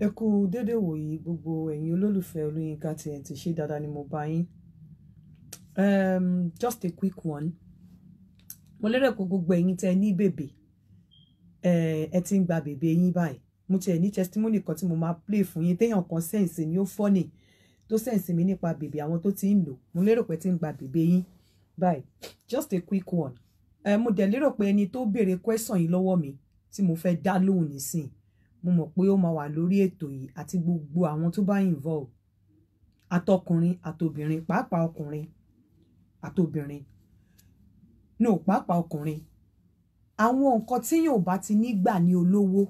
Ẹ kú dédé wòyí gbogbo ẹ̀yin olólùfẹ́ Olúyinká TNT ṣé dáadáa ni mo bá yín. Ehm, just a quick one. Mo lérò pé gbogbo ẹ̀yin tẹ́ ní bèbè ẹ ti ń gba bèbè yín báyìí. Mo tiẹ̀ ní testimony kan tí mo máa play fún yín téèyàn kan sẹ́ǹsì ni ó fọ́nì tó sẹ́ǹsì mi nípa bèbè àwọn tó ti ń lò. Mo lérò pé ti ń gba bèbè yín báyìí. Just a quick one. Uh, mo dẹ̀ lérò pé ẹni tó béèrè question yìí lọ́wọ́ mi tí mo fẹ́ dá lóhùn nísìnyí mo mọ̀ pé ó máa wà lórí ètò yìí àti gbogbo àwọn tó bá involve àtọkùnrin àtobìnrin pàápàá ọkùnrin àtobìnrin no pàápàá ọkùnrin àwọn nǹkan tíyàn ò bá ti nígbà ní olówó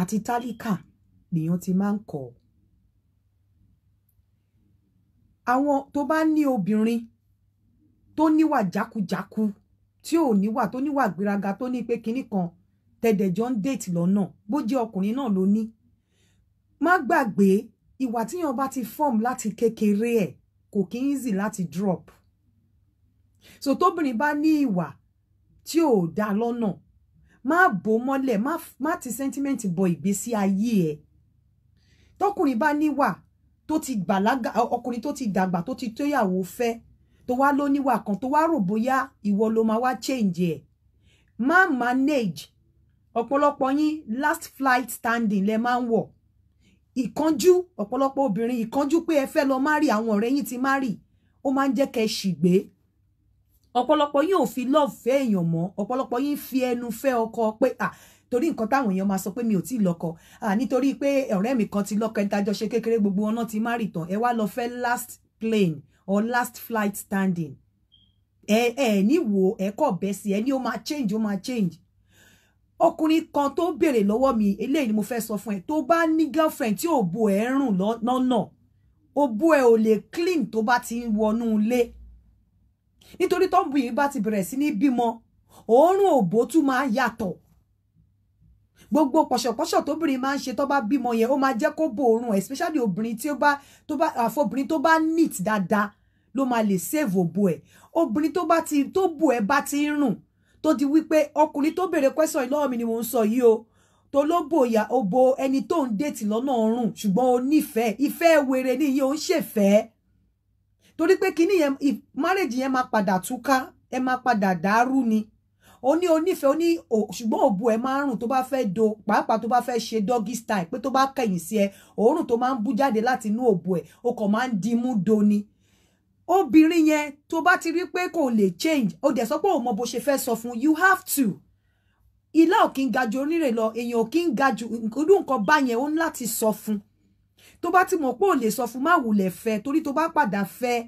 àti tálíkà lèèyàn ti máa ń kọ́ àwọn tó bá ní obìnrin tó níwà jákujáku tí ò níwà tó níwà gbéraga tó ní pé kinní kan tẹ̀dẹ̀jọ́ ń déètì lọ́nà bó jẹ́ ọkùnrin náà ló ní má gbàgbé ìwà tíyan bá ti form láti kékeré ẹ̀ kò kí ń easy láti drop so tóbìnrin bá ní ìwà tí ò dá lọ́nà má bò mọ́lẹ̀ má ti sentiment bọ ìgbésí ayé ẹ̀ tọkùnrin bá níwà tó ti gbàlágà ọkùnrin tó ti dàgbà tó ti tóyàwó fẹ́ tó wá lóníwà kan tó wá rò bóyá ìwọ ló máa wá change ẹ̀ má manage ọ̀pọ̀lọpọ̀ yín last flight standing lẹ máa ń wọ̀ ìkánjú ọ̀pọ̀lọpọ̀ obìnrin ìkánjú pé ẹ fẹ́ lọ marry àwọn ọ̀rẹ́ yín ti marry ó máa ń jẹ́ kẹ́ ṣìgbé ọ̀pọ̀lọpọ̀ yín ò fi love fẹ́ èèyàn mọ́ ọ̀pọ̀lọpọ̀ yín fi ẹnu fẹ́ ọkọ pé à torí nǹkan táwọn èèyàn máa sọ pé mi ò tí ì lọ́kọ à nítorí pé ọ̀rẹ́ mi kan ti lọ́kọ ẹni ṣe kékeré gbogbo ọ̀nà ti marry tán ẹ wá lọ fẹ́ last plane or last flight standing ẹ ẹ ní wo ẹ kọ bẹ sí ẹ ní ó máa change ó máa change ọkùnrin kan tó béèrè lọ́wọ́ mi eléyìí ni mo fẹ́ sọ fún ẹ tó bá ní girlfriend tí ò bo ẹ̀ rùn lọ́nà òbó ẹ̀ ò lè clean tó bá ti ń wọnú ilé nítorí tó ń bu yìí bá ti bẹ̀rẹ̀ sí ní bímọ òórùn òbó tún máa yàtọ̀ gbogbo pọ̀ṣọ̀pọ̀ṣọ̀ tóbìnrin máa ń ṣe tó bá bímọ yẹn ó máa jẹ́ kó bo òórùn especially obìnrin tí ó bá tó bá àfọbìnrin tó bá neat dáadáa ló máa lè save òbó ẹ̀ obìnrin tó bá ti tó bò ẹ̀ bá ti ń rùn tó di wípé ọkùnrin tó béèrè question lọ́wọ́ mi ni mò ń sọ yìí o tó ló bòyà o bo ẹni tó ń déètì lọ́nà ọ̀run ṣùgbọ́n o nífẹ̀ẹ́ ìfẹ́ wèrè ni yìí ò ń ṣèfẹ́ torí pé kíní yẹn marriage yẹn máa padà túká ẹ máa padà dàrú ni ó ní onífẹ́ ó ní ṣùgbọ́n òbu ẹ̀ máa ń rùn tó bá fẹ́ do pàápàá tó bá fẹ́ ṣe doggy style pé tó bá kẹ̀yìn sí ẹ òórùn tó máa ń bú jáde láti inú òbu ẹ̀ o kàn máa ń dimú do ni obìnrin yẹn tó bá ti rí pé kò lè change ó dẹ̀ sọ pé òun mọ bó ṣe fẹ́ sọ fún you have to ilá ò kí ń ga ju onírè lọ èèyàn ò kí ń ga ju irú nǹkan bá yẹn ó ń láti sọ fún tó bá ti mọ̀ pé ò lè sọ fún má wulẹ̀ fẹ́ torí tó bá padà fẹ́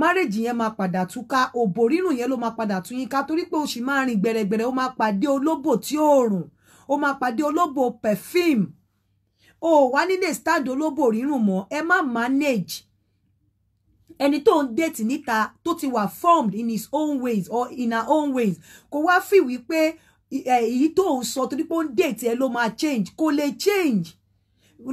márèjì yẹn máa padà túká òbò rírùn yẹn ló máa padà tún yín ká torí pé o sì máa rìn gbẹrẹgbẹrẹ ó máa pàdé olóbò tí ó rùn ó máa pàdé olóbò perfume o wà nílé stand olóbò rírùn mọ́ ẹ má manage ẹni tó ń déètì níta tó ti wà formed in his own ways or in her own ways kò wá fi wípé èyí tó ń sọ torí pé ó ń déètì ẹ ló máa change kò lè change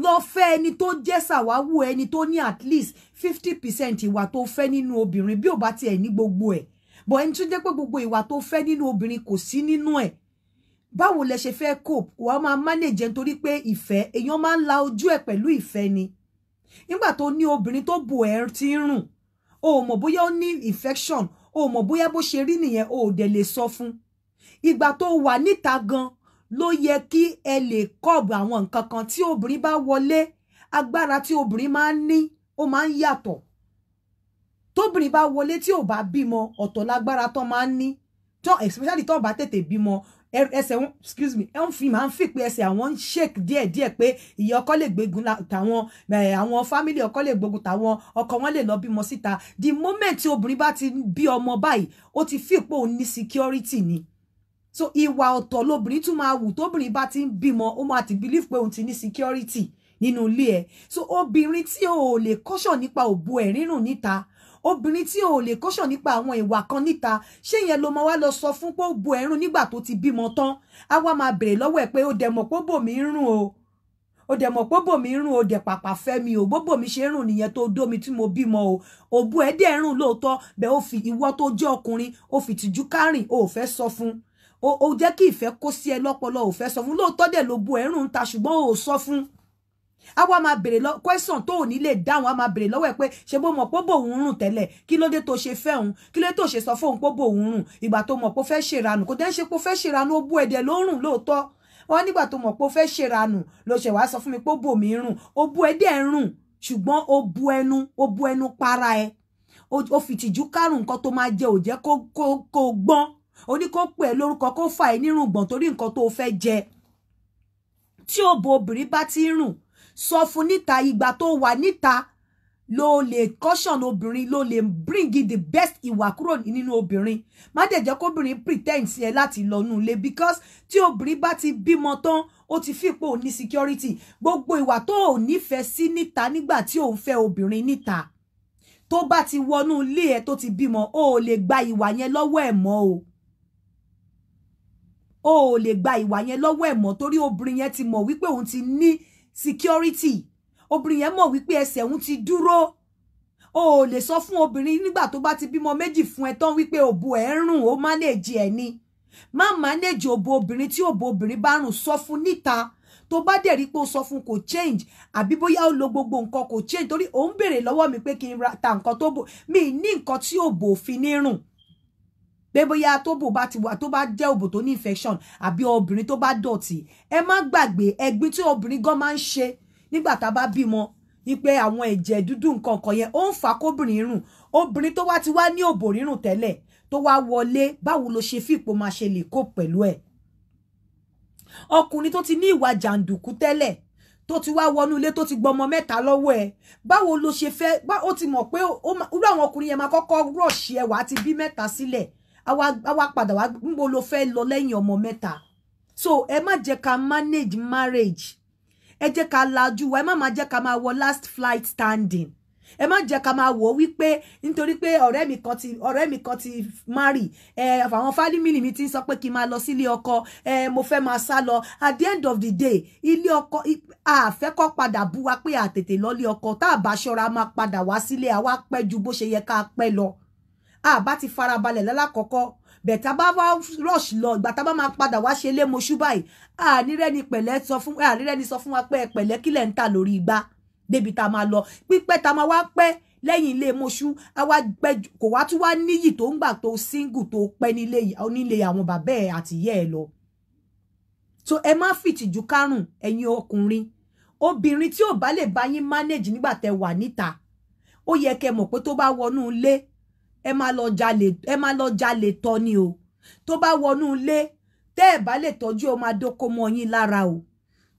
lọ fẹ́ ẹni tó jẹ́ ṣàwáwù ẹni tó ní at least fifty percent ìwà tó fẹ́ nínú obìnrin bí ò bá tiẹ̀ ní gbogbo ẹ̀ bọ̀ ẹni tó jẹ́ pé gbogbo ìwà tó fẹ́ nínú obìnrin kò sí nínú ẹ̀ báwo lẹ ṣe fẹ́ cope wàá máa manage nítorí pé ìfẹ́ èèyàn máa ń la ojú ẹ̀ pẹ̀lú ìfẹ́ ni nígbà tó ní obìnrin tó bò ẹ́ ti ń rùn o ò mọ̀ bóyá ó ní infection o ò mọ̀ bóyá bó ṣe rí nìyẹn o ò dẹ̀ lè sọ fún ìgbà tó wà níta gan ló yẹ kí ẹ lè kọ́ọ̀bù àwọn nǹkan kan tí obìnrin bá wọlé agbára tí obìnrin máa ń ní ó máa ń yàtọ̀ tóbìnrin bá wọlé tí ò bá bímọ ọ̀tọ̀ lágbára tán máa ń ní tán especially tán bá tètè bímọ ẹsẹ̀ wọn excuse me ẹ̀ ń fi máa ń fi pé ẹsẹ̀ àwọn ń shake díẹ̀díẹ̀ pé ìyá ọkọ lè gbégun tàwọn àwọn family ọkọ lè gbógun tàwọn ọkọ wọn lè lọ bímọ síta the moment tí obìnrin bá ti bí ọmọ báyìí ó ti fi pé òun ní security ni so ìwà ọ̀tọ̀ lobìnrin tún máa wù tóbìnrin bá ti ń bímọ ó máa ti believe pé òun ti ní security nínú ilé ẹ̀ so obìnrin tí ò lè kọ́ṣọ̀ nípa òbò ẹ̀ rírùn níta obìnrin tí o ò lè kọ́ṣọ̀ nípa àwọn ìwà kan níta ṣé yẹn ló mọ wá lọ sọ fún pé ó bo ẹ̀rún nígbà tó ti bímọ tán á wá máa bèrè lọ́wọ́ ẹ̀ pé ó dẹ̀ mọ̀ pé bòmí ń rùn o ó dẹ̀ mọ̀ pé bòmí ń rùn o dẹ̀ pàpà fẹ́ mi o bóbò mi ṣe ń rùn nìyẹn tó dómi tí mo bímọ o òbu ẹ̀ dẹ̀ rùn lóòótọ́ bẹ́ẹ̀ ó fi ìwọ tó jẹ́ ọkùnrin ó fi tìjú kárìn o ò fẹ́ sọ fún o jẹ́ kí ìfẹ́ kó sí ẹ lọ́pọlọ ò fẹ́ sọ fún lóòótọ́ dẹ̀ ló bo ẹ̀rùn ta ṣùgbọ́n o ò sọ fún á wá máa bèrè lọ question tó ò ní lè dáhùn á máa bèrè lọ́wọ́ ẹ̀ pé ṣe bó mọ̀ pé bòun rùn tẹ́lẹ̀ kí ló dé tó ṣe fẹ́ òun kí ló dé tó ṣe sọ fóun pé bòun rùn ìgbà tó mọ̀ pé ó fẹ́ ṣèrànù kò dẹ́n ṣe pé ó fẹ́ ṣèrànù ó bú ẹ̀dẹ̀ ló rùn lóòótọ́ wọn nígbà tó mọ̀ pé ó fẹ́ ṣèrànù ló ṣe wàá mi pé ó bò mí rùn ó bú ẹ̀dẹ̀ rùn ṣùgbọ́n ó bu ẹnu ó bu ẹnu para ẹ ó fi tìjú kárùn nǹkan tó máa jẹ ò jẹ́ kó kó kó gbọ́n ó ní kó pè é lórúkọ kó fà é nírùngbọ̀n torí nǹkan tó fẹ́ jẹ tí òbò obìnrin ti ń sọ fún níta ìgbà tó wà níta ló lè caution obìnrin ló lè bring the best ìwà kúrò nínú obìnrin má dẹ̀ jẹ́ kóbìnrin pretend sí ẹ láti lọ nù lé because tí obìnrin bá ti bímọ tán ó ti fipò ní security gbogbo ìwà tó ò nífẹ̀ẹ́ sí níta nígbà tí ò ń fẹ́ obìnrin níta tó bá ti wọnú ilé ẹ tó ti bímọ o ò lè gba ìwà yẹn lọ́wọ́ ẹ̀ mọ́ o o ò lè gba ìwà yẹn lọ́wọ́ ẹ̀ mọ́ torí obìnrin yẹn ti mọ̀ wípé òun ti ní security obìnrin mo mọ̀ wípé ẹsẹ̀ òun ti dúró o ò lè sọ fún obìnrin nígbà tó bá ti bímọ méjì fún ẹ tán wípé òbò ẹ ń rùn ó mánéèjì ẹ ni Ma manage òbò obìnrin ti òbò obìnrin bá rùn sọ fún níta tó bá dẹ̀ rí pé o sọ fún kò change àbí bóyá ó lo gbogbo nǹkan kò change torí òun béèrè lọ́wọ́ mi pé kí n ra ta nǹkan tó bò mí ní nǹkan tí òbò òfin ní rùn pé bóyá tóbò bá ti wà tó bá jẹ́ òbò tó ní infection àbí obìnrin tó bá dọ̀tí ẹ má gbàgbé ẹ̀gbin tí obìnrin gan máa ń ṣe nígbà tá a bá bímọ ni pé àwọn ẹ̀jẹ̀ dúdú nǹkan kan yẹn ó ń fa kóbìnrin rùn obìnrin tó wá ti wá ní òbò rírùn tẹ́lẹ̀ tó wá wọlé báwo lo ṣe fipò máa ṣe lè kó pẹ̀lú ẹ̀ ọkùnrin tó ti ní ìwà jàǹdùkú tẹ́lẹ̀ tó ti wá wọnú ilé tó ti gbọmọ mẹ́ta lọ́wọ́ ẹ̀ báwo lo ṣe fẹ́ ó ti mọ̀ pé irú àwọn ọkùnrin yẹn máa kọ́kọ́ rọ̀ṣì ẹwà àti bí mẹ́ta sílẹ̀ si Awa, padà wá níbo ló fẹ́ lọ lẹ́yìn ọmọ mẹ́ta so ẹ má jẹ́ ká manage marriage ẹ jẹ́ ká lajú wa ma má má jẹ́ ká máa last flight standing ẹ má jẹ́ ká máa wò ó wípé nítorí pé ọ̀rẹ́ mi kan ti ọ̀rẹ́ mi kan ti marry Eh, àwọn fámìlì mi ti ń sọ pé kí n máa lọ sílé ọkọ mo fẹ́ máa sá lọ at the end of the day ilé ọkọ fe padà bú wa pé atete lọ́lé ọkọ tá a bá ṣọ́ra máa padà wá sílé àwa pẹ́ ju bó ṣe yẹ ká pẹ́ lọ àbá ti farabalẹ̀ lálákọ̀ọ́kọ́ bẹ̀tà bá wá rush lọ ìgbà tá bá máa padà wá ṣe lé moṣú báyìí ànírẹ́ni pẹ̀lẹ́ sọ fún ànírẹ́ni sọ fún wa pé pẹ̀lẹ́ kílẹ̀ ń ta lórí igbá débi tá a máa lọ pípẹ́ tá a máa wá pẹ́ lẹ́yìn ilé moṣú kò wá tún wá níyì tó ń gbà tó single tó pẹ́ nílé onílé àwọn bàbá ẹ̀ àtìyẹ́ ẹ̀ lọ. so ẹ má fìtìjú kárùn ẹ̀yin ọkùnrin obìnrin tí ò bá lè bá yín manage nígbà tẹ́ wà níta ó yẹ kẹ́ mọ̀ pé tó bá wọnú ilé ẹ máa lọ jalè ẹ máa lọ jalè tọ́ ni o tó bá wọnú ilé tẹ́ ẹ̀ bá lè tọ́jú ọ máa dóko mọ́ yín lára o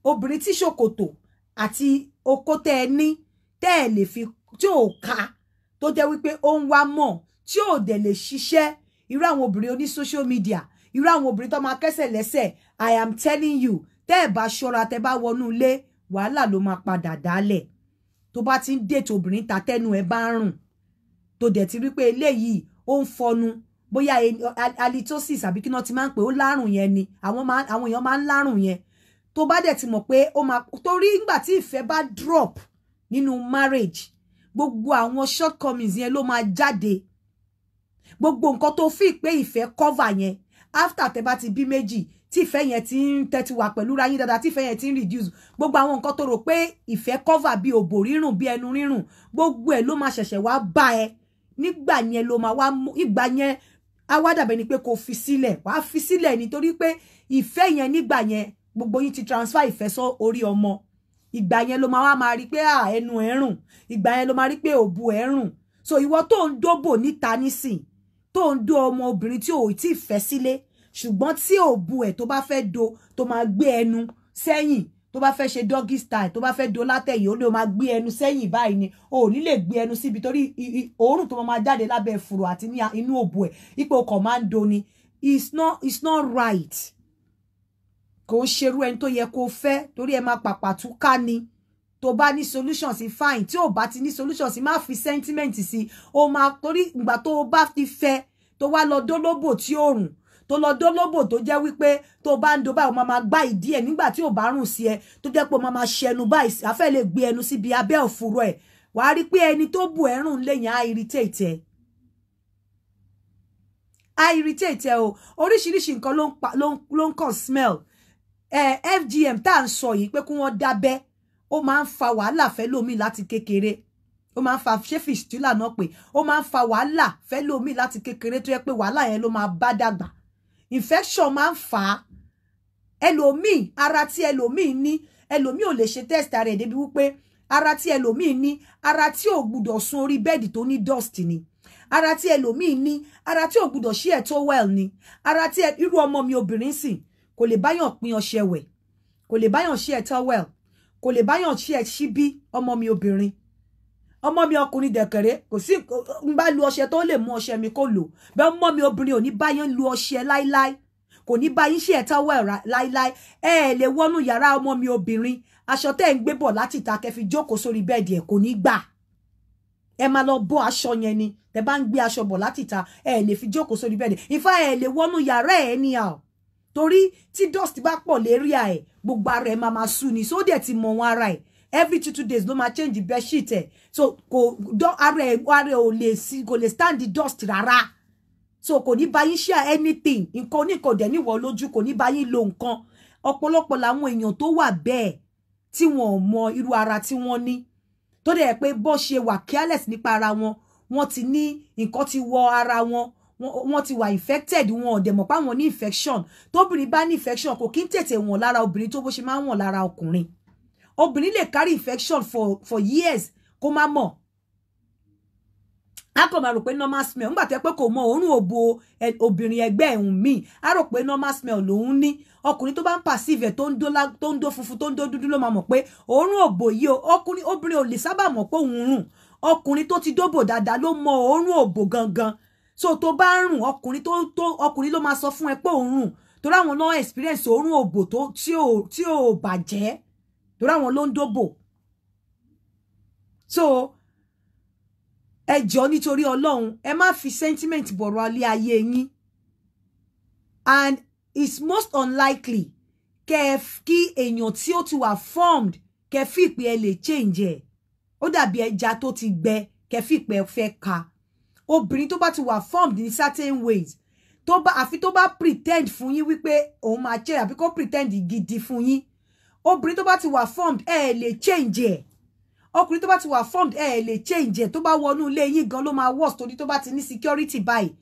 obìnrin tí ṣòkòtò àti okó tẹ́ ẹ ní tẹ́ ẹ lè fi tí ò ka tó jẹ́ wípé ó ń wá mọ̀ tí ò dẹ̀ lè ṣiṣẹ́ irú àwọn obìnrin oní social media irú àwọn obìnrin tó máa kẹ́sẹ̀ lẹ́sẹ̀ i am telling you tẹ́ ẹ̀ bá ṣọ́ra tẹ́ bá wọnú ilé wàhálà ló máa padà dálẹ̀ tó bá ti ń dètò obìnrin ta tẹ́nu ẹ bá ń rùn tó dẹ̀ ti rí pé eléyìí ó ń fọnu bóyá e, halitosis àbí kí náà ti máa ń pè ó lárùn yẹn ni àwọn èèyàn máa ń lárùn yẹn tó bá dẹ̀ ti mọ̀ pé ó máa torí nígbà tí ìfẹ́ bá drop nínú marriage gbogbo àwọn shortcomings yẹn ló máa jáde gbogbo nǹkan tó fi pé ìfẹ́ cover yẹn after tẹ́ bá ti bí méjì tí ìfẹ́ yẹn ti ń tẹ́tí wà pẹ̀lú ra yín dáadáa tí ìfẹ́ yẹn ti ń reduce gbogbo àwọn nǹkan tó rò pé ìfẹ́ cover bí òbò rírùn bí ẹnu rírùn gbogbo ẹ̀ ló máa ṣẹ̀ṣẹ̀ wá bá ẹ nígbà yẹn ló máa wá ìgbà yẹn á wá dàbẹ̀ ni pé kò fi sílẹ̀ wàá fi sílẹ̀ nítorí pé ìfẹ́ yẹn nígbà yẹn gbogbo yín ti transfer ìfẹ́ sọ orí ọmọ ìgbà yẹn ló máa wá máa rí pé à ẹnu ẹ̀ rùn ìgbà yẹn ló máa rí pé òbu ẹ̀ rùn so ìwọ tó ń dóbò níta nísìn tó ń dó ọmọ obìnrin tí ò tí ì fẹ́ sílé ṣùgbọ́n tí òbu ẹ̀ tó bá fẹ́ do tó máa gbé ẹnu sẹ́yìn tó bá fẹ́ ṣe doggy style tó bá fẹ́ do látẹ̀yìn ó lè máa gbé ẹnu sẹ́yìn báyìí ni o ò ní lè gbé ẹnu síbi torí òórùn tó máa jáde lábẹ́ fùrọ̀ àti ní inú òbò ẹ̀ ipò ọkọ̀ máa ń do ni it's not it's not right kò ń ṣerú ẹni tó yẹ kó fẹ́ torí ẹ máa pàpà tún ká ni tó bá ní solution sí fine tí ò bá ti ní solution sí má fi sentiment sí o máa torí ìgbà tó o bá ti fẹ́ tó wá lọ dólóbò tí òórùn tó lọ dólóbò tó jẹ́ wípé tó bá ń do báyìí o máa máa gbá ìdí ẹ̀ nígbà tí ò bá rùn sí ẹ tó jẹ́ pé o máa máa ṣe ẹnu báyìí afẹ́ lè gbé ẹnu síbi abẹ́ òfurú ẹ̀ wàá rí pé ẹni tó bù ẹ̀rùn lèyàn á irritate ẹ̀ á irritate ẹ̀ o oríṣiríṣi nǹkan ló ń kàn smell eh, FGM tá à ń sọ yìí pé kí wọ́n dábẹ́ ó máa ń fa wàhálà fẹ́ lómi láti kékeré ó máa ń fa ṣé fìstúlà náà pé ó máa ń fa wàhálà fẹ́ láti kékeré tó yẹ pé wàhálà yẹn ló máa bá dàgbà infection máa ń fà á ẹlòmíì ara tí ẹlòmíì ní ẹlòmíì ò lè ṣe test ara ẹ̀ débi wípé ara tí ẹlòmíì ní ara tí ò gbúdọ̀ sun orí bẹ́ẹ̀dì tó ní dust ni ara tí ẹlòmíì ní ara tí ò gbúdọ̀ ṣí ẹ̀ tó well ni ara tí irú ọmọ mi obìnrin sìn kò lè báyàn pín ọṣẹ wẹ̀ kò lè báyàn ṣí ẹ̀ towel kò lè báyàn ṣí ẹ̀ ṣíbí ọmọ mi obìnrin ọmọ mi ọkùnrin dẹ̀kẹ̀rẹ́ kò sí n bá lu ọṣẹ tó lè mú ọṣẹ mi kó lò bẹ́ẹ̀ ọmọ mi obìnrin ò ní báyẹn lu ọṣẹ láíláí kò ní báyìí ṣe ẹ̀tọ́ wẹ̀ra láíláí ẹ ẹ̀ lè wọnú yàrá ọmọ mi obìnrin aṣọ tẹ́ ẹ̀ ń gbé bọ̀ láti ta kẹ́ jókòó sórí bẹ́ẹ̀dì ẹ̀ kò ní gbà ẹ máa lọ bọ́ aṣọ yẹn ni tẹ́ bá ń gbé aṣọ bọ̀ láti ta ẹ ẹ̀ lè fi jókòó sórí bẹ́ẹ̀dì ìfá ẹ lè wọnú yàrá ẹ̀ ní à torí tí dust bá pọ̀ lérí à ẹ̀ gbogbo ara ẹ̀ máa máa sú ni sódẹ̀ ti mọ̀ wọn ara ẹ̀ every two two days no máa change bed sheet eh. so kò dán are ẹ̀ ara ò lè sí kò stand the dust rara. so kò ní buy share anything nǹkan oníkan dẹ̀ níwọ̀ lójú kò ní bá yín lo nǹkan ọ̀pọ̀lọpọ̀ làwọn èèyàn tó wa be. tí wọn ò mọ irú ara tí wọ́n ní tó dẹ̀ pé bó ṣe wà careless nípa ara wọn wọ́n ti ní nǹkan ti wọ ara wọn wọ́n ti wà infected wọn ò dẹ̀ mọ̀ páwọn ní infection tóbìnrin bá ní infection kò kí ń tètè wọ̀n lára obìnrin tó bó ṣe máa ń wọ̀n lára ọkùnrin obìnrin lè carry infection for for years kó má mọ̀ a kò máa rò pé normal smell nígbà tó yẹ pé kò mọ òórùn òbo obìnrin ẹgbẹ́ ẹ̀hún míì a rò pé normal smell lòún ní ọkùnrin tó bá ń passive ẹ̀ tó ń dó tó ń dó funfun tó ń dó dúdú ló máa mọ̀ pé òórùn òbo yìí o ọkùnrin obìnrin ò lè sábà mọ̀ pé òun rùn ọkùnrin tó ti dóbò dáadáa ló mọ òórùn òbo gangan so tó bá ń rùn ọkùnrin tó tó ọkùnrin ló máa sọ fún ẹ pé òun rùn torí àwọn náà experience òórùn òbo tó tí ò tí ò bàjẹ́ torí àwọn ló ń dóbò so ẹ jọ nítorí Ọlọ́run ẹ má fi sentiment bọ̀rọ̀ alẹ́ ayé yín and it's most unlikely kẹ kí èèyàn tí ó ti wà formed kẹ fi ìpè ẹ lè change ẹ ó dàbí ẹja tó ti gbẹ kẹ fi ìpè ẹ fẹ́ ka obìnrin tó bá ti wà formed in certain ways tó bá àfi tó bá pretend fún yín wípé òun máa change àbí kó pretend gidi fún yín obìnrin tó bá ti wà formed e le change e, ọkùnrin tó bá ti wà formed e le change e. tó bá wọnú ilé yín gan ló máa worst torí tó bá ti ní security báyìí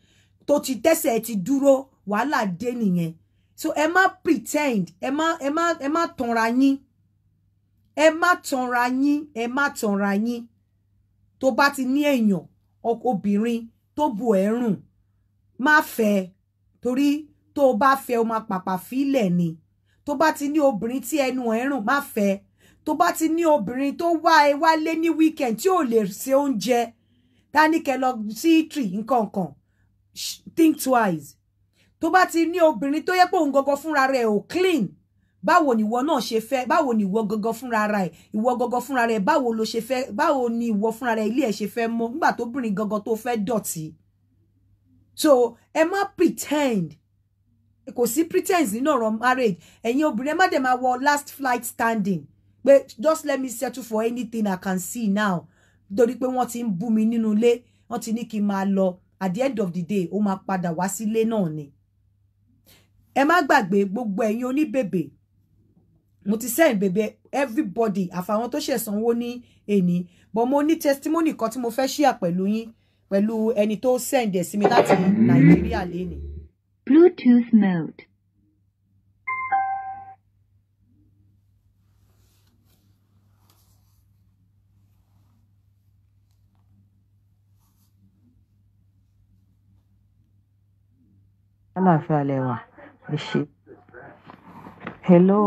to ti tẹsẹ̀ ti dúró wàhálà dé nìyẹn so ẹ má pretend ẹ má ẹ má ẹ má tanra yín ẹ má tanra yín ẹ má tanra yín tó bá ti ní èèyàn obìnrin tó bu ẹ̀rùn má fẹ́ torí tó o bá o máa pàpà fílẹ̀ ni tó bá ti ní obìnrin tí ẹnu ẹ̀ rùn má fẹ́ tó bá ti ní obìnrin tó wá ẹ wálé ní weekend tí ò lè ṣe oúnjẹ ta ní kẹ́ lọ sí tree nǹkan kan think twice tó bá ti ní obìnrin tó yẹ pé òun gangan fúnra rẹ̀ ò clean báwo ni ìwọ náà ṣe fẹ́ báwo ni ìwọ gangan fúnra rẹ̀ ìwọ gangan fúnra rẹ̀ báwo ló ṣe fẹ́ báwo ni ìwọ fúnra rẹ̀ ilé ẹ̀ ṣe fẹ́ mọ́ nígbà tó bìnrin gangan tó fẹ́ dọ̀tí so ẹ má pretend kò sí pretense nínú ọ̀rọ̀ marriage ẹ̀yin obìnrin má dẹ̀ máa wọ last flight standing pé just let me settle for anything I can see now torí pé wọ́n ti ń bú mi nínú ilé wọ́n ti ní kí n máa lọ at the end of the day ó máa padà wá sílé náà ni ẹ má gbàgbé gbogbo ẹ̀yin oníbèbè mo ti send bèbè everybody àfàwọn tó ṣe sanwó ní èní but mo ní testimony kan tí mo fẹ́ ṣíà pẹ̀lú yín pẹ̀lú ẹni tó send ẹ̀ sí mi láti Nàìjíríà lénìí. Bluetooth mode. aláàfin alẹ́ wa hello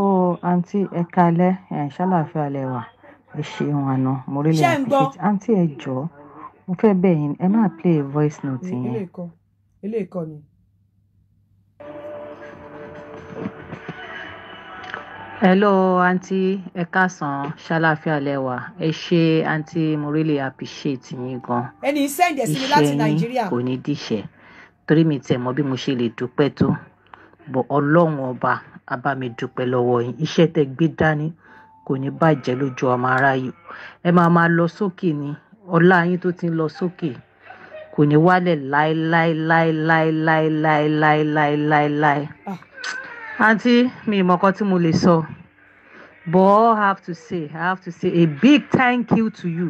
auntie. ẹ kalẹ́ ẹ̀ ṣàlàfin alẹ́ wa ẹ Auntie, àná mo rí lè appreciate àǹtí play voice note yẹn. ilé ìkọ́ ilé ìkọ́ ni. Hello aunty, ẹ káàsán, ṣàlàáfíà lẹ́wà. Ẹ ṣé aunty, mo really appreciate yín gan. Ẹni send ẹ̀ sí mi láti Nàìjíríà. Iṣẹ́ ní díṣẹ́. Torí mi tẹ̀ mọ́ bí mo ṣe lè dúpẹ́ tó. Bọ̀ Ọlọ́run ọba á bá mi dúpẹ́ lọ́wọ́ yín. Iṣẹ́ tẹ́ gbé dání kò ní bàjẹ́ lójú ọmọ aráyé. Ẹ máa máa lọ sókè ni. Ọlá yín tó ti ń lọ sókè kò ní wálẹ̀ láéláéláéláéláéláéláéláéláéláé. Ah. Auntie, me ìmọ̀ kan mo lè sọ but all I have to say I have to say a big thank you to you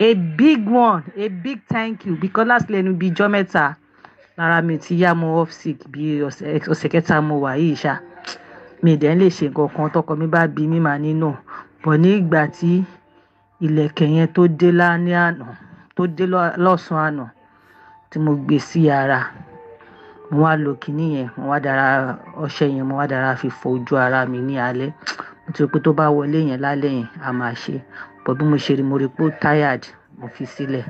a big one a big thank you because last lẹ́nu bíi ijọ́ mẹ́ta lára mi ti yá mo off sick bí ọ̀sẹ̀ kẹta mo wà yìí ṣá mi dẹ̀ ń lè ṣe nǹkan kan tọkọ mi bá bí mi màá nínú bọ̀ ní ìgbà tí ìlẹ̀kẹ̀ yẹn tó dé lánàá tó dé lọ́sàn-án àná tí mo gbé sí ara mo wá lo kinní yẹn mo wá dára ọṣẹ yẹn mo wá dára fi fọ ojú ara mi ní alẹ́ mo ti rò pé tó bá wọlé yẹn lálẹ́ yẹn a máa ṣe but bí mo ṣe rí mo rí pé ó tired mo fi sílẹ̀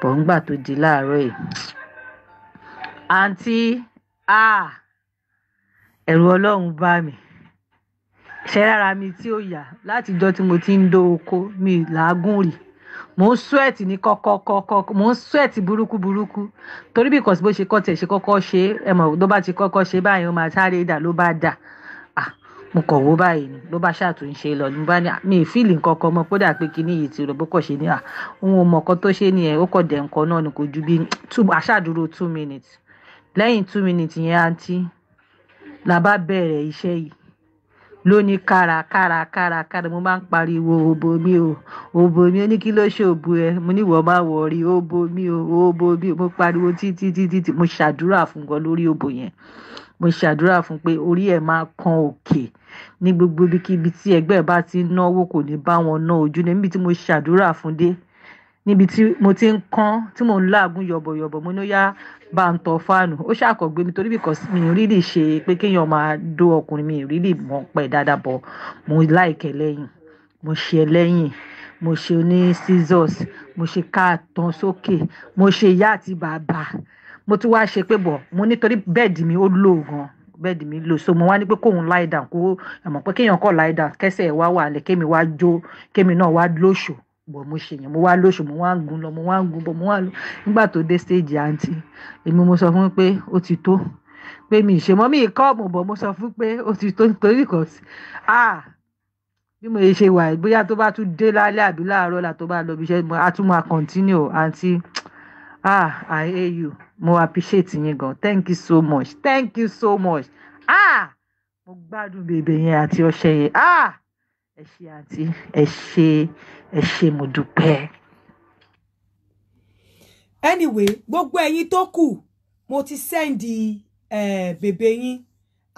but ńgbà tó di láàárọ̀ yìí àǹtí ah ẹ̀rù ọlọ́run bá mi ṣẹ́ rárá mi tí ó yá látijọ́ tí mo ti ń dó oko mi làágùn rì mò ń sweat ní kọ́kọ́kọ́kọ́ mò ń sweat burúkú burúkú torí bí kọ̀sí bó ṣe kọ́ tiẹ̀ ṣe kọ́kọ́ ṣe é ẹ mọ̀ ló bá ti kọ́kọ́ ṣe báyìí ó máa sáré dà ló bá dà ah mo kọ̀ wó báyìí ni ló bá ṣàtúnṣe lọ ní bá ní mi ì fíìlì nǹkan kan mọ pé dà pé kíní yìí ti rò bó kọ̀ ṣe ní à òun ò kan tó ṣe nìyẹn ó kọ̀ dẹ̀ nǹkan náà ni kò ju bí aṣáàdúró two minutes lẹ́yìn two minutes yẹn àǹtí la bá bẹ̀rẹ̀ iṣẹ́ yìí ló ní kárakára kárakára mo máa ń pariwo òbò mi o òbò mi ó ní kí ló ṣe òbò ẹ mo ní ìwọ máa wọrí òbò mi o òbò mi o mo pariwo títí títí mo ṣàdúrà fún gan lórí òbò yẹn mo ṣàdúrà fún pé orí ẹ máa kan òkè ní gbogbo ibikíbi tí ẹgbẹ́ bá ti náwó kò ní bá wọn ná ojú níbi tí mo ṣàdúrà fún dé níbi tí mo ti ń kán tí mò ń làágùn yọ̀bọ̀yọ̀bọ̀ mo ní ó yá bá ń tọ́ fáànù ó ṣàkọ̀gbé mi torí bìkọ́ mi ò rí lè ṣe pé kéèyàn máa dó ọkùnrin mi ò rí lè mọ̀ pẹ́ dáadáa bọ̀ mo láìkẹ́ lẹ́yìn mo ṣe lẹ́yìn mo ṣe ní scissors mo ṣe káàtàn sókè mo ṣe ìyá àti bàbá mo tún wá ṣe pé bọ̀ mo nítorí bẹ́ẹ̀dì mi ó lò gan bẹ́ẹ̀dì mi lò so mo wá ní pé kóun lie down kó ẹ̀mọ̀ pé kéèyàn kọ̀ lie down kẹ́sẹ̀ wá wà lẹ̀ kémi wá jó kémi náà wá lóṣù bọ̀ mo ṣe yẹn mo wá lóṣù mo wá ń gun lọ mo wá ń gun bọ̀ mo wá lọ nígbà tó dé stage àǹtí èmi mo sọ fún pé ó ti tó pé mi ìṣe mọ́ mi ìkọ́ ọ̀mù bọ̀ mo sọ fún pé ó ti tó nítorí kan sí ah bí mo ṣe wà bóyá tó bá tún dé lálẹ́ àbí láàárọ̀ là tó bá lọ bí iṣẹ́ mo á tún máa continue àǹtí ah I hear you mo appreciate yín gan thank you so much thank you so much ah mo gbádùn bèbè yẹn àti ọṣẹ yẹn ah anyway gbogbo ẹ̀yin tó kù mo ti sẹ́ndì bèbè yín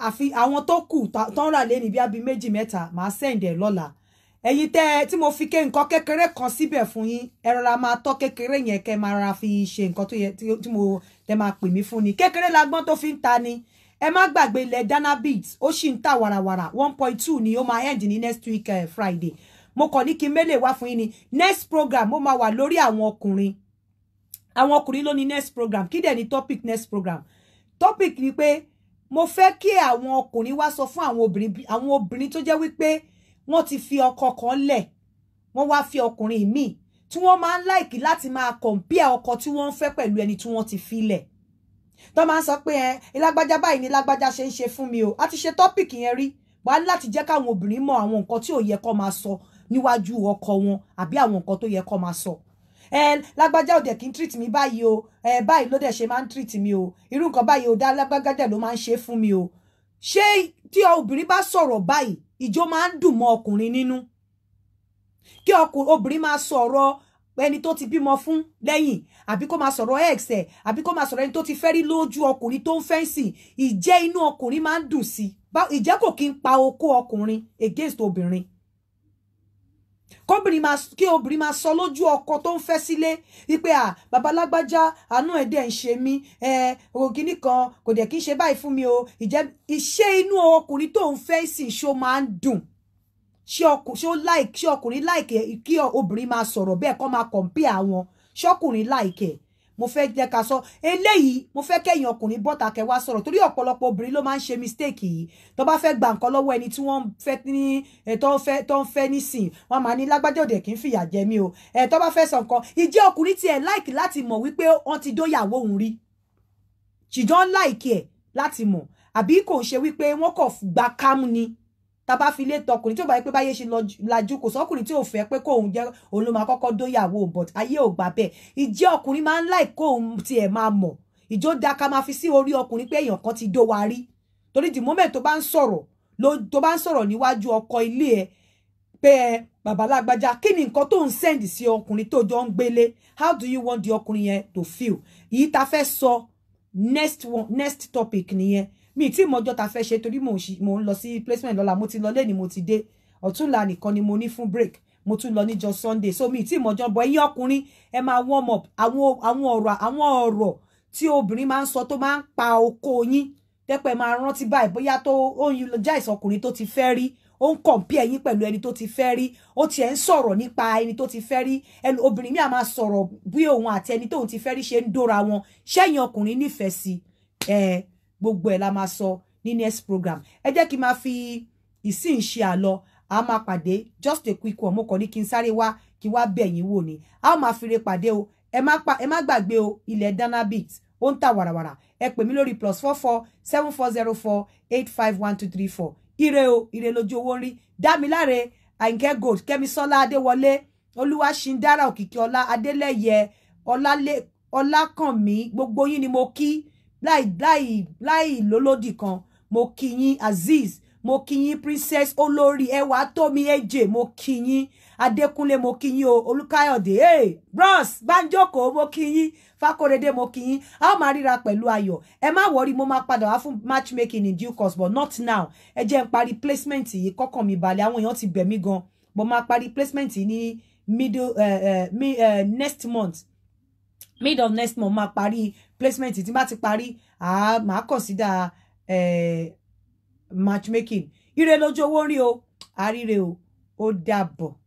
àfi àwọn tó kù tó ń rà lẹ́ni bí abi méjì mẹ́ta màá sẹ́ndì ẹ̀ lọ́la ẹ̀yin tẹ́ tí mo fi ké nǹkan kékeré kan síbẹ̀ fún yín ẹ rọra máa tọ́ kékeré yẹn kẹ́ máa ra fi ṣe nǹkan tó yẹ tí mo tẹ́ máa pè mí fún ni kékeré la gbọ́n tó fi ń ta ni ẹ má gbàgbé ilẹ̀ danabit ó sì ń tà wàràwàrà one point two ni ó máa end ní next week uh, friday mo kàn ní kí n mélè wá fún yín ni next program ó máa wà lórí àwọn ọkùnrin àwọn ọkùnrin ló ní next program kí dẹ̀ ni topic next program topic ni pé mo fẹ́ kí àwọn ọkùnrin wá sọ fún àwọn obìnrin àwọn obìnrin tó jẹ́ wípé wọ́n ti fi ọkọ kan lẹ̀ wọ́n wá fi ọkùnrin míì tí wọ́n máa ń láìkí láti máa compare ọkọ tí wọ́n ń fẹ́ pẹ̀lú ẹni tí wọ́n ti fi lẹ̀ tó máa ń sọ pé ẹ ìlágbájá báyìí ni lágbájá ṣe ń ṣe fún mi o a ti ṣe tọ́pìkì yẹn rí wá láti jẹ́ káwọn obìnrin mọ àwọn nǹkan tí ò yẹ kó máa sọ níwájú ọkọ wọn àbí àwọn nǹkan tó yẹ kó máa sọ ẹ lágbájá ò dẹ̀ kí n treat mi báyìí o ẹ báyìí ló dẹ̀ ṣe máa ń treat mi o irú nǹkan báyìí o dá lágbájá dẹ̀ ló máa ń ṣe fún mi o ṣé tí obìnrin bá sọ̀rọ̀ báyìí ìjó máa ń dùn mọ́ ọkùnrin nínú kí obìnrin máa sọ̀rọ̀ ẹni tó ti bímọ fún lẹ́yìn àbí kó máa sọ̀rọ̀ ex ẹ̀ àbí kó máa sọ̀rọ̀ ẹni tó ti fẹ́ rí lójú ọkùnrin tó ń fẹ́ sí ìjẹ́ inú ọkùnrin máa ń dùn sí ìjẹ́ kò kí ń pa okó ọkùnrin against obìnrin kóbìnrin máa kí obìnrin máa sọ lójú ọkọ tó ń fẹ́ sílé wípé à babalágbájá àánú ẹ̀ dẹ̀ ń ṣe mí ẹ ògìní kan kò dẹ̀ kí ń ṣe báyìí fún mi o ìjẹ́ iṣẹ́ inú ọkùnrin tó ń fẹ́ sí ṣó máa ń dùn ṣé ọkùnrin ó like ṣé ọkùnrin like ẹ kí obìnrin máa sọ̀rọ̀ bẹ́ẹ̀ kọ́ máa compare àwọn ṣọkùnrin like ẹ mo fẹ́ jẹ́ ká sọ eléyìí mo fẹ́ kẹ́yìn ọkùnrin bọ́ta kẹ́ wá sọ̀rọ̀ torí ọ̀pọ̀lọpọ̀ obìnrin ló máa ń ṣe mistake yìí tó bá fẹ́ gba nǹkan lọ́wọ́ ẹni tí wọ́n fẹ́ ní tó ń fẹ́ tó ń fẹ́ nísìn wọ́n máa ní lágbájá òde kì í fìyà jẹ mí o ẹ̀ tó bá fẹ́ sọ nǹkan ìjẹ́ ọkùnrin tiẹ̀ like láti mọ̀ wípé wọ́n ti dóyàwó òun rí she like ẹ̀ láti mọ̀ àbí kò ń ṣe wípé wọ́n kọ̀ gba kámú ni tá bá fi lé tọkùnrin tí ò bá yẹ pé báyé ṣe lajú kò sọkùnrin tí ò fẹ́ pé kóun jẹ́ òun ló máa kọ́kọ́ dóyàwó but ayé ò gbà bẹ́ẹ̀ ìjẹ́ ọkùnrin máa ń láì kóun tiẹ̀ máa mọ̀ ìjó da ká máa fi sí orí ọkùnrin pé èèyàn kan ti dó wa rí torí the moment tó bá ń sọ̀rọ̀ tó bá ń sọ̀rọ̀ níwájú ọkọ ilé ẹ pé ẹ babalágbájá kí ni nǹkan tó ń send sí ọkùnrin tó jọ ń gbélé how do you want the ọkùnrin yẹn to feel èyí ta fẹ́ sọ next one next topic nìyẹn mi tí mo ọjọ́ ta fẹ́ ṣe torí mo ń lọ sí placement lọ́la mo ti lọ lẹ́ni mo ti dé ọ̀túnla nìkan ni mo ní fún break mo tún lọ níjọ́ sunday so mi tí mo ọjọ́ bọ ẹ̀yin ọkùnrin ẹ máa warm up àwọn ọ̀rọ̀ àwọn ọ̀rọ̀ tí obìnrin máa ń sọ tó máa ń pa oko yín tẹ́pẹ́ máa rántí báyìí bóyá tó oyún lọ jáìsàn ọkùnrin tó ti fẹ́ rí ó ń compare yín pẹ̀lú ẹni tó ti fẹ́ rí ó tiẹ̀ ń sọ̀rọ̀ nípa ẹni tó ti fẹ́ rí ẹnu obìnrin mi à sọ̀rọ̀ bí òun àti ẹni tóun ti fẹ́ rí ṣe ń dóra wọn ṣẹ́yìn ọkùnrin nífẹ̀ẹ́ sí ẹ̀ gbogbo ẹ̀ la máa sọ ní next program ẹ jẹ́ kí n máa fi ìsìn ṣe àlọ a máa pàdé just a quick one mo kàn ní kí n sáré wá kí wá bẹ̀ yín wò ni a máa fire pàdé o ẹ má gbàgbé o ilẹ̀ danabit ó ń ta wàràwàrà ẹ pè mí lórí plus four four seven four zero four eight five one two three four ire o ire lójú owó ń rí dámiláre àyìnkẹ́ gold kẹ́misọ́lá adéwọlé olúwaṣindára òkìkí ọlá adélẹ́yẹ ọlákànmí gbogbo yín ni mo kí láì láì láì lólódì kan mo kí yín Azeez mo kí yín princess olórí ẹwà tómi eje mo kí yín Adékúnlé mo kí yín o Olúkáyọ̀dé hey, bros Bánjọkò mo kí yín Fákóredé mo kí yín a ó máa ríra pẹ̀lú ayọ̀ ẹ má wọrí mo máa padà wá fún matchmaking in due course but not now ẹ jẹ́ n parí placement yìí kọ́kàn mi balẹ̀ àwọn èèyàn ti bẹ̀ mí gan mo máa parí placement yìí ní middle uh, uh, mi, uh, next month mid of next month máa parí placement tí má ti parí màá consider matchmaking ire lójú owó rí o àríre o ó dàbọ̀.